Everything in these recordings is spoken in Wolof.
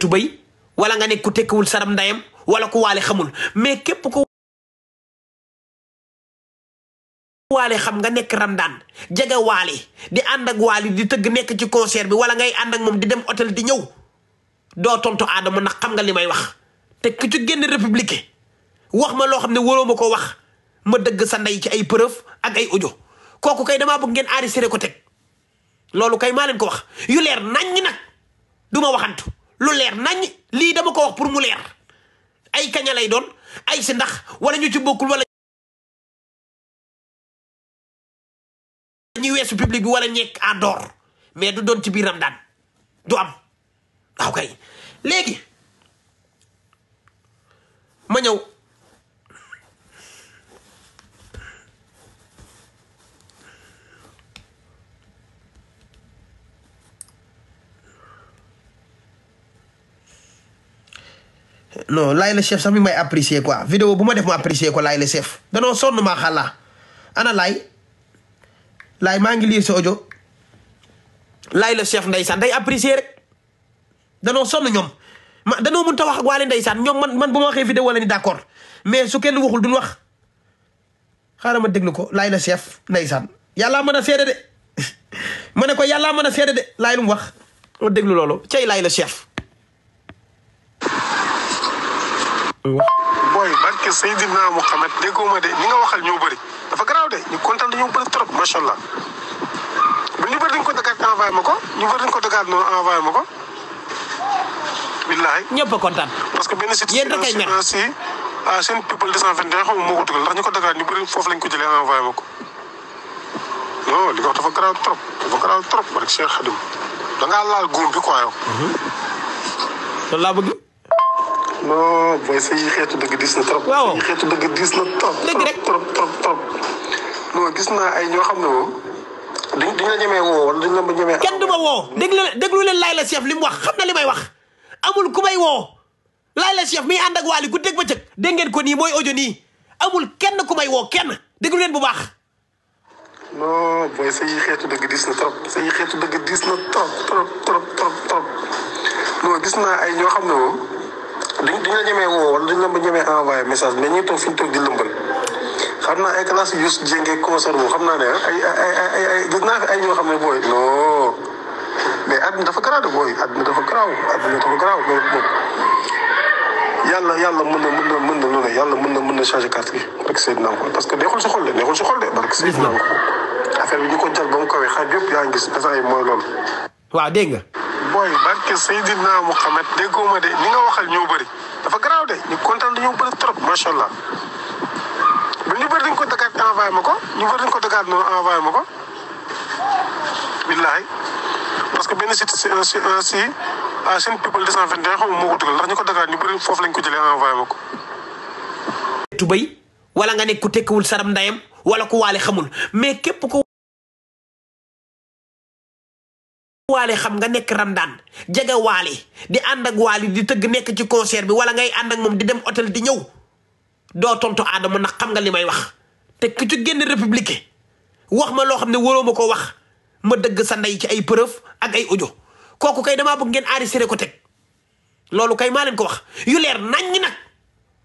tubay wala nga nekk ku tekkiwul saram ndayam wala ku waale xamul mais képp ku waale xam nga nekk ramdaan jege waale di ànd ak waali di tëgg nekk ci concert bi wala ngay ànd moom di dem hôtel di ñëw doo tontu aadama nag xam nga li may wax te ku ci génn république wax ma loo xam ne waroo ma ko wax ma dëgg sa ndey ci ay preuve ak ay audio kooku kay damaa bëgg ngeen enregistré ko teg loolu kay maa leen ko wax yu leer nañ nag duma waxant lu leer nañ lii dama ko wax pour mu leer ay kaña lay doon ay si ndax wala ñu ci bokkul wala ñuy weesu public bi wala ñekk en dehors mais du doon ci biir Ramadan du am waaw kay léegi ma ñëw non laay la chef sax mi may apprécier quoi vidéo bu ma def ma apprécier ko laay la chef danoo sonn maa xalaa maa ngi lire sa laay la chef ndeysaan day apprécier rek danoo sonn ñoom ma danoo mën ta wax ak waale ndeysaan ñoom man man bu ma waxee vidéo wala ni d'accord mais su kenn waxul duñ wax xaaral ma déglu ko laay la chef ndeysaan yàllaa mën a seede de ma ne ko yàllaa mën a seede de laay lu wax ma déglu loolu cay laay la chef booy barke Seydina Mohamed déggoo ma de ñi nga waxal ñoo bëri dafa garaaw de ñu kontaan dañoo bëri trop macha allah bu ñu bëri dañ ko dagaat envoyé ma ko ñu bëri dañ ko dagaat noonu envoyé ma ko. billahi ñëpp a kontaan. parce que benn si ah seen people 221 xaw ma moo ko dugal ndax ñu ko dagaat ñu bëri foofu lañ ko jëlee envoyé ma ko. non li nga wax dafa garaaw trop dafa garaaw trop barke Cheikh Khadim da ngaa laal góom bi quoi yow. loolu laa bëgg. non booy sa yi xeetu dëgg diis na trop. waaw yi xeetu dëgg diis na trop. dëgg trop trop trop. non gis naa ay ñoo xam ne moom. duñ duñ la ñemee woo wala duñ la ñemee. kenn du woo déglu la déglu leen Layla Chef li mu wax xam na li may wax amul ku may woo Layla Chef miy ànd ak waali ku dégg ba cëg dégg ngeen ko nii mooy audio nii amul kenn ku may woo kenn déglu leen bu baax. non booy xeetu dëgg diis na trop sa xeetu dëgg diis na trop trop trop trop trop. non gis naa ay ñoo xam ne moom. duñ duñ la ñemee woo wala duñ la ñemee envoyé message mais ñuy toog fi ñu toog di lëmbal xam naa ay classe yu si jéngee concert xam naa ne ay ay ay ñoo xam ne booy non mais àdduna dafa garaaw de booy àdduna dafa dafa garaaw loolu moom yàlla yàlla mën na mën na mën na lu ne yàlla mën na mën na changer carte bi rek Seydina ko parce que neexul si xol de neexul si xol de kawee xaaj yëpp yaa ngi gis dafa ay mooy loolu waaw dégg nga booy barke Seydina Muhammad déggoo ma de ni nga waxal ñoo bëri dafa garaaw de ñu kontaan dañoo bëri trop macha allah. mais ñu bëri dañ ko dagaat envoyé ma ko ñu bëri dañ ko dagaat noonu envoyé ma ko. billahi que benn site si si si seen people 221 xaw ma moo ko ndax ñu ko dagaat ñu bëri foofu lañ ko jëlee envoyé ma ko. tubay wala nga nekk ku tekkiwul saram ndayam wala ku waale xamul mais képp ko waale xam nga nekk randaan jege waale di ànd ak waale di tëgg nekk ci concert bi wala ngay ànd ak moom di dem hôtel di ñëw doo tontu aadama ndax xam nga li may wax te ku ci génn république wax ma loo xam ne waroo ma ko wax ma dëgg sa ndey ci ay preuve ak ay audio kooku kay damaa bëgg ngeen enregistré ko teg loolu kay maa leen ko wax yu leer naññ nag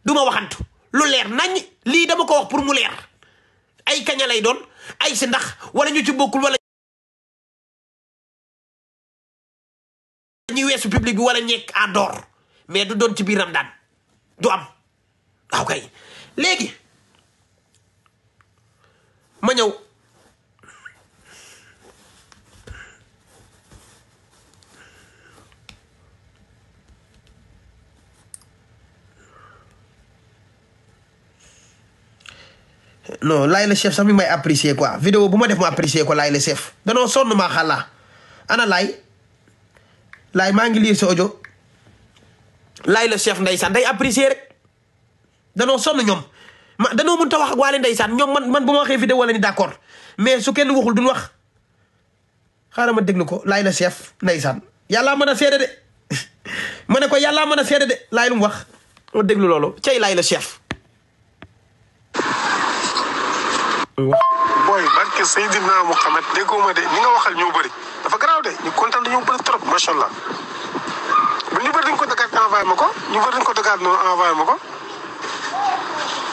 du ma waxantu lu leer nañ lii dama ko wax pour mu leer ay kaña lay doon ay si ndax wala ñu ci bokkul wala dañuy weesu public war a ñekk à door mais du doon ci biir Ramadan du am waaw ah, léegi ma ñëw non laay la chef sax mi may apprécier quoi vidéo bu ma def ma apprécier ko laay la chef danoo sonn maa xàllaa ana laay laay maa ngi lii sa laay la chef ndeysaan day apprécier rek danoo sonn ñoom ma danoo mënut ta wax ak waale ndeysaan ñoom man man bu ma waxee vidéo la ni d'accord mais su kenn waxul duñ wax xaaral ma déglu ko laay la chef ndeysaan yàllaa mën a seede de ma ne ko yàllaa mën a seede de laay lu wax ma déglu loolu cay laay la chef. booy barke Seydina Mouhamed déggoo ma de ñi nga waxal ñoo bëri dafa garaaw de ñu kontaan dañoo bëri trop macha allah bu ñu bëri dañ ko dagaat envoyé ma ko ñu bëri dañ ko dagaat noonu envoyé ma ko.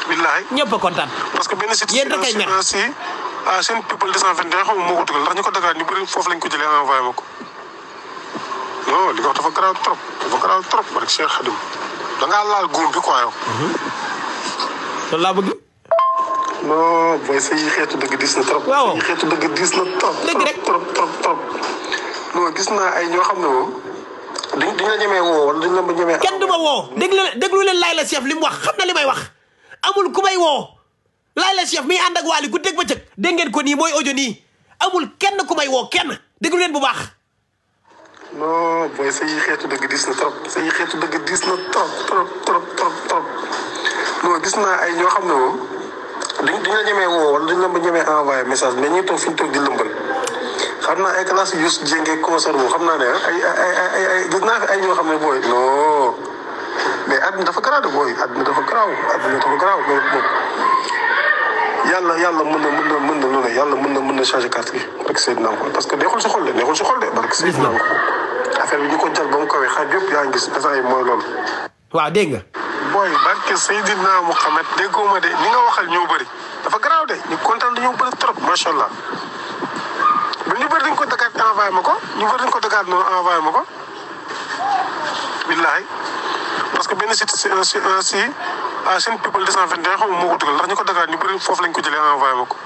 billahi ñëpp kontaan. parce que benn si ah seen people 221 xaw ma moo ko dugal ndax ñu ko dagaat ñu foofu lañ ko jëlee envoyé ma ko. non li nga wax dafa garaaw trop dafa garaaw trop barke Cheikh Khadim da ngaa laal góom mhm. loolu laa bëgg. non booy sa yi xeetu dëgg diis na trop. waaw sa xeetu dëgg diis na trop. dëgg rek trop trop trop. non gis naa ay ñoo xam ne moom. duñ duñ la ñemee woo wala duñ la ñemee. kenn du ma woo déglu leen déglu leen Layla li mu wax xam na li may wax amul ku may woo Layla Chef mi ànd ak Wally guddeeg bëccëg dégg ngeen ko nii mooy audio nii amul kenn ku may woo kenn déglu leen bu baax. non xeetu dëgg diis na trop sa yi xeetu dëgg diis na trop trop trop trop trop. gis naa ay ñoo xam ne woo duñ duñ la woo wala duñ la ñemee envoyé message mais ñuy toog fi ñu toog di lëmbal xam naa ay classe yu si jéngee xam naa ne ay ay ay ay gis naa fi ay ñoo xam ne booy non dafa garaaw de booy àdduna dafa garaaw àdduna dafa garaaw yàlla yàlla mën na mën na mën na lu ne yàlla mën na mën na changer carte gi rek seet naa ko parce que neexul si xol de neexul si xol de parce que seet naa ko affaire bi ñu ko jël ba mu kawee xaaj yëpp yaa ngi gis ay mooy loolu. waaw dégg nga. booy barke Seydina Muhammad déggoo ma de ñi nga waxal ñoo bari dafa garaaw de ñu kontaan dañoo bëri trop macha allah. ba ñu bëri dañ ko dagaat envoyé ma ko ñu bëri dañ ko dagaat noonu envoyé ma ko. billaahi parce que benn site euh, si euh, si si seen people 221 xaw ma moo ko dugal ndax ñu ko dagaat ñu bëri foofu lañ ko jëlee envoyé ma ko.